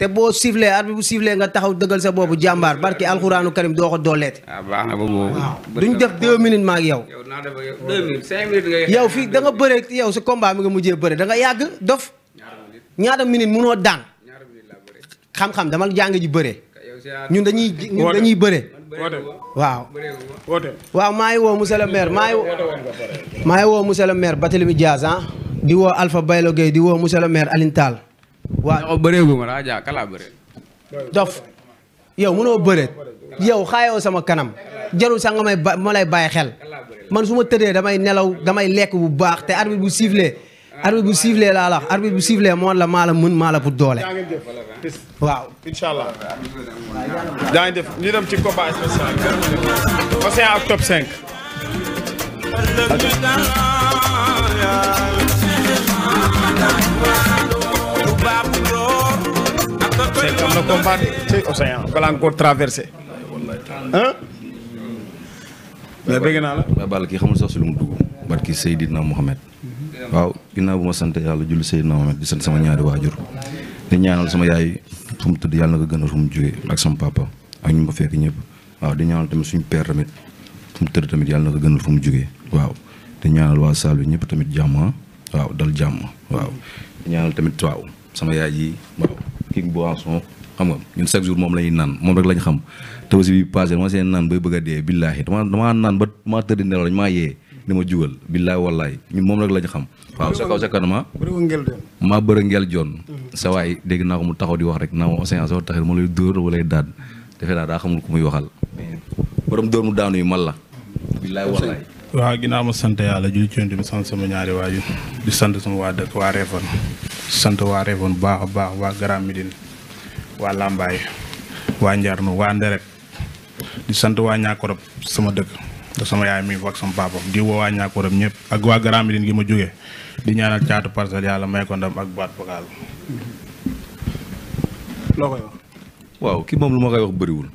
te boo sifflé arbitre bu sifflé nga taxaw dëggal sa boobu jàmbaar barki alxuraanu karim doo ko dooleete. ah baax na duñ def deux minutes ma ak yow. yow fii da nga bëre yow sa combat mi nga mujjee bëre da nga yàgg dof. ñaata minutes munoo daan. xam-xam dama jàng ji bëre. ñun dañuy ñun dañuy bëre. waaw. waaw maa ngi woo monsieur le maire maa woo. maa ngi woo monsieur le maire Barthélémy Dias ah. di woo Alpha Baylo Gueye di woo monsieur le maire Aline waaw bëreegu ma raja kala sama kanam jaru sax nga lay bàyyi xel man su ma tëddee damay nelaw damay lekk bu baax te arbitre bu sifflé arbitre bu laa la wax arbitre bu sifflé moon la maa mën maa la doole waaw incha allah daa ngi ci combat Cheikh am na combat ci océan balaa nga ko traversé. ah. mais bëgg naa la. waaw Balla kii xamul sax si lu mu dugg. barki Seydina Mohamed. waaw ginnaaw bu ma sant yàlla julli Seydina Mohamed di sant sama ñaari waajur. di ñaanal sama yaay fu mu tëdd yàlla na ko gën fu mu jógee ak sama papa ak ñu ma fekk ñëpp waaw di ñaanal tamit suñu père tamit fu mu tëdd tamit yàlla na ko gënal fu mu jógee waaw. di ñaanal waa Saloum ñëpp tamit jàmm ah. waaw dal jàmm waaw. di ñaanal tamit waaw. sama yaay ji waaw king boisson xam nga ñun chaque jour moom la ñuy naan moom rek lañ xam te aussi bi passé dama seen naan bay bëgg a dee billaahi dama damaa naan ba maa tëdd nelaw lañ maa yee ni ma jugal billaahi wallaahi ñun moom rek lañ xam waaw sa kaw sa kanama maa bëra ngel joon mhm. sa dégg naa ko mu taxaw di wax rek naa ma océan soo taxee ma lay dóor wala lay daan defe naa daa xamul ku muy waxal borom dóor mu daanu yi man la billaahi wallaahi waaw ginnaaw ma sant yàlla julli ci yonent bi sant sama ñaari waajur di sant sama sant waa Réfone bu baax a baax waa Grand Médine waa Lambaay waa Njarnu waa Nderek di sant waa Ñaakorop sama dëkk sama yaay mi ak sama papa di woo waa Ñaakorop gi ma jógee di ñaanal caatu parcelle yàlla may ko waaw ki moom lu ma koy wax bëriwul.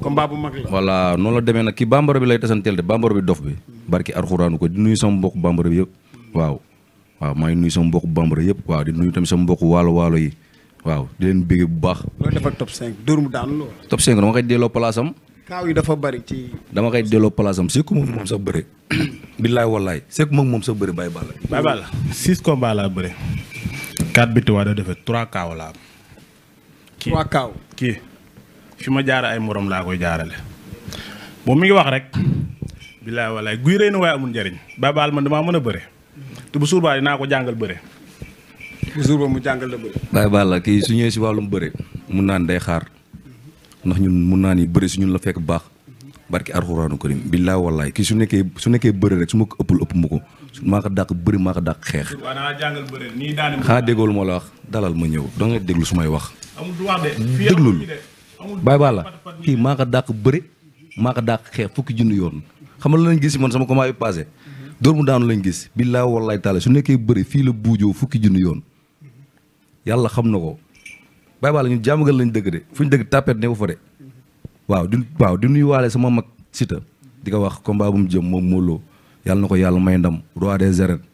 combat bu mag la. voilà noonu la demee nag ki bambara bi lay tasanteel de bambara bi dof bi. barki arxuraanu ko di nuy sama mbokk bambara bi yëpp waaw. waaw maa ngi nuyu sama mbokku bambara yëpp waaw di nuyu tamit sa mbokku waalo waalo yi waaw di leen béggee bu baax. loolu dafa top 5 dóor mu daanu lool. top 5 dama koy delloo place am. kaaw yi dafa bari ci. dama koy delloo place am sekku moom moom sax bëre. billaay wallaay sekku moom sa sax bëre Baye Balla. Baye Balla six combats laa bëre. quatre victoires da defee trois kaaw laa am. trois kaaw kii fi ma jaara ay moroom laa koy jaarale. moom mi ngi wax rek. billaay wallaay guy rëy na waaye amul njëriñ Baye Balla man damaa mën a bëre. te bu suur baa naa ko jàngal bëre. bu suur ba jàngal la bëre. Baye kii su ñëwee si wàllum bëre mun naa ni day xaar ndax ñun mun naa ni bëre su ñun la fekk baax barki alxuraanu karim billaay wallaay kii su nekkee su nekkee bëre rek su ma ko ëpp ma ko maa dàq bëri maa ko dàq xeex. waaw naa jàngal bëre nii daanaka. la wax dalal ma ñëw doo déglu su may wax. amul wax de mm, déglul Baye Balla kii maa ko dàq bëre maa yoon xamal lañ gis man sama combat bi passé dóor mu daanu lañ gis billaa wallaay taala su nekkee bëri fii la buujoo fukki junni yoon yàlla xam na ko bàyyi baa la ñu jàmmagal lañ dëgg de fu ñu dëgg tàppet ne fa de waaw di waaw di nuy waale sama mag Siteu di ko wax combat bu mu jëm moom Modou Lô yàlla na ko yàlla may ndam roi des arènes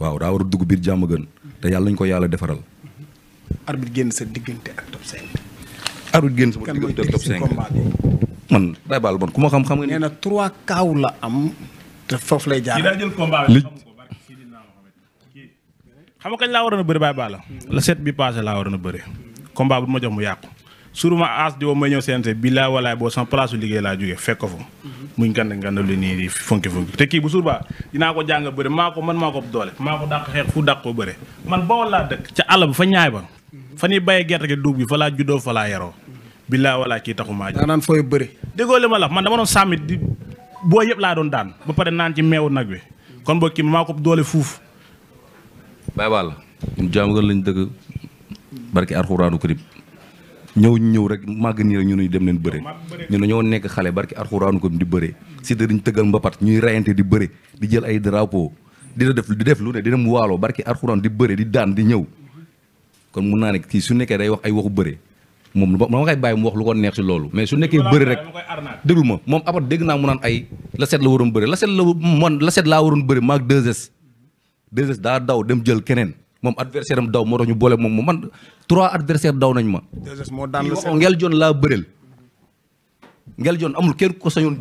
waaw daa war a dugg biir jàmm gën te yàlla nañu ko yàlla defaral. arbitre génn sa diggante ak top 5. man bàyyi baa man ku ma xam xam nga. nee te foofu lay jaar. li daa jël combat bi xam ko barke Seydina Mohamed xam kañ laa waroon a bëri Baye Balla la set bi passé laa waroon a bëri. combat bu ma jox mu yàqu. suruma as di woo may ñëw CNG bi laa walaay boo sama place su liggéey laa jógee fekk ko fa. muñ gànd gànd lu nii funki funki te kii bu surbaa dinaa ko jàng bëri maa ko man maa ko doole maa ko dàq xeex fu dàq ko bëre. man bawol laa dëkk ca àll ba fa ñaay ba. fa ñuy bayee gerte gi dugub bi fa laa juddoo fa laa yaroo. bi laa walaay kii ma la boo yëpp laa doon daan ba pare naan ci meewu nag wi kon boo kii maa ko doole fuuf. bàyyi wàll ñun jaamu gën lañ dëgg barki arxuraanu karib ñëw rek màgg nii rek ñu dem leen bëre ñu ne ñoo nekk xale barki arxuraanu ko di bëre si te dañu tëggal mbapat ñuy rayante di bëre di jël ay drapeau dina def di def lu ne dina mu waalo barki arxuraan di bëre di daan di ñëw kon mun naa ne kii su nekkee day wax ay waxu bëre moom moom nga koy bàyyi mu wax lu ko neex ci loolu mais su nekkee bëri rek déglu ma moom abat dégg naa mu naan ay la set la waroon bëri la set la man la set laa waroon bëri maag 2S daa daw dem jël keneen moom adversaire am daw moo tax ñu boole moom man trois adversaire daw nañ ma. moo daan la set ngel joon laa bëreel. Ngel John amul kenn ko sañoon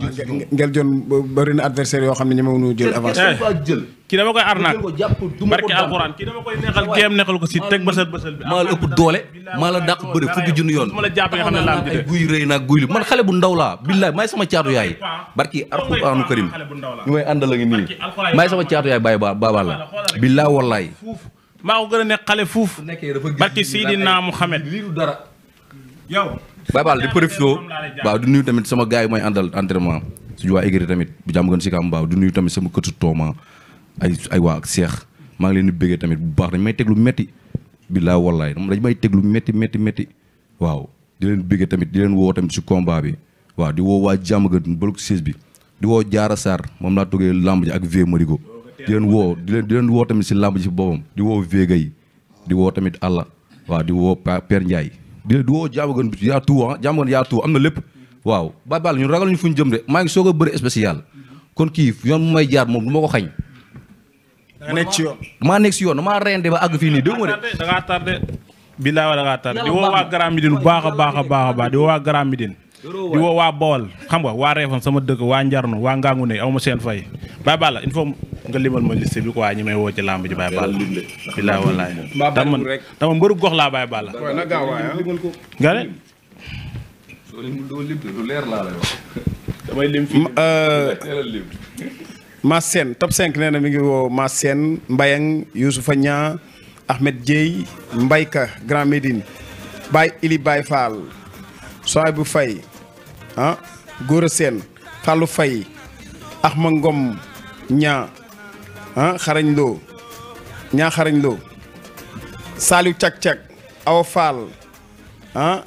Ngel John bari adversaire yoo xam ne ñemewuñu jël avance. jël kii dama koy arnaak barke alxuraan kii dama koy neexal géem neexal ko si teg bësal bësal bi. maa la ëpp doole maa la dàq bëre fukki junni yoon. ma la jàpp nga xam ne a ay guy rëy naa guy li man xale bu ndaw laa billaay maay sama caatu yaay barki alxuraanu karim ñu may àndal a ngi nii maay sama caatu yaay baay baabal la billaay wallaay maa ko gën a nekk xale fuuf barki Seydina Baye Fall di profité waaw du nuyu tamit sama gars yi may àndal entraînement suñu waa écurie tamit bu si kaam baaw du nuyu tamit sama këtu tooma ay ay waa ak seex maa ngi leen di bëggee tamit bu baax dañ may teg lu metti billaay wallaay dañ may teg lu metti metti waaw di leen bëggee tamit di leen woo tamit si combat bi waaw di woo waa jàmm gën bloc 16 bi di woo Jaara Sarr moom laa toggee lamb ak V Marigo di leen woo di leen di leen woo tamit si lamb ji si boppam di woo Vega di woo tamit àlla waaw di woo Père Ndiaye di du woo jàmmagan bi yaa tout ah am na lépp waaw Baye Balla ñun ragal ñu fu ñu jëm de maa ngi soog a bëri spécial kon kii yoon mu may jaar moom du ma ko xañ da nekk ci yoon maa nekk ci yoon damaa rende ba àgg fii nii dégg nga de da ngaa tardé billaay wala ngaa tardé di woo waa Grand Médine baax a baax baax a baax di woo waa Grand Médine di woo waa Bawol xam nga waa Réfane sama dëkk waa Njarno waa Ngangu ne aw ma seen fay Baye Balla il faut nga limal ma liste bi quoi ñi may woo ci làmb ji Baye Balla. bilaay walaay. mbaa bariwul rek dama mbëru gox laa Baye Balla. waaw na ah. euh, top 5 nee mi ngi woo Mass Mbayang Youssoufa Niang Ahmed Dieye Mbayka Grand Médine Baye Ili Baye Fall Soaibou Faye ah Gora Sène Fallou Faye Ahma Ngom Niang ah xarañ loo ñaa xarañ loo saaliw cag-cag awa faal ah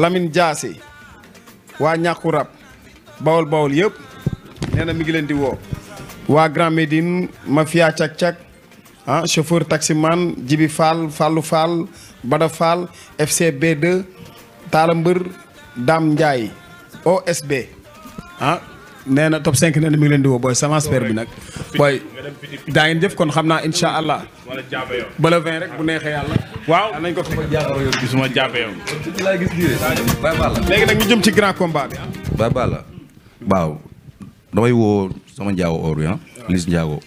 lamin jaasi waa ñàkku rab bawol bawol yëpp nee na mi ngi leen di woo waa Grand Médine mafia cag-cag ah chauffeur taximan jibi faal fallu faal bada faal fc taala mbër daam njaay osb ah. nee na top 5 nee na mi ngi leen di woo booy sama sphère bi nag booy daa ngeen jëf kon xam naa incha allah bala 20 rek bu neexee yàlla. waaw nañ ko fa jaabaro yoon ci laa gis diire. Baye Balla léegi nag ñu jëm ci grand combat bi. Baye Balla waaw damay woo sama njaago or yi ah. Liss ñooy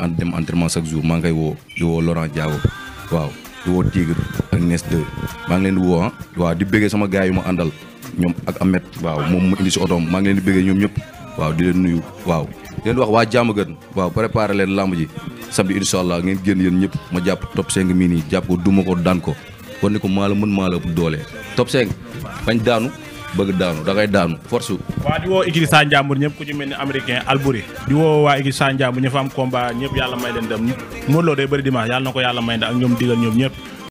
ànd dem entraînement chaque jour maa ngi koy woo di waaw di maa ngi leen di woo ah waaw di bëggee sama gaa yu ma àndal ñoom ak Amet waaw moom mu indi si otoom maa ngi leen di bëggee ñoom ñëpp. waaw di leen nuyu waaw di leen wax waa jàmm gën waaw préparé leen lamb ji samedi incha allah ngeen génn yéen ñëpp ma jàpp top 5 mi nii jàpp ko duma ko daan ko kon ko maa la mën maa la ëpp doole top 5 bañ daanu bëgg daanu da ngay daanu force waaw di woo écurie Sa Ndiambour ñëpp ku ci mel ni américain Albouri di woo waa écurie Sa Ndiambour ñi am combat ñëpp yàlla may leen dem Modou Lo day bëri dimanche yàlla na ko yàlla may nda ak ñoom digal ñoom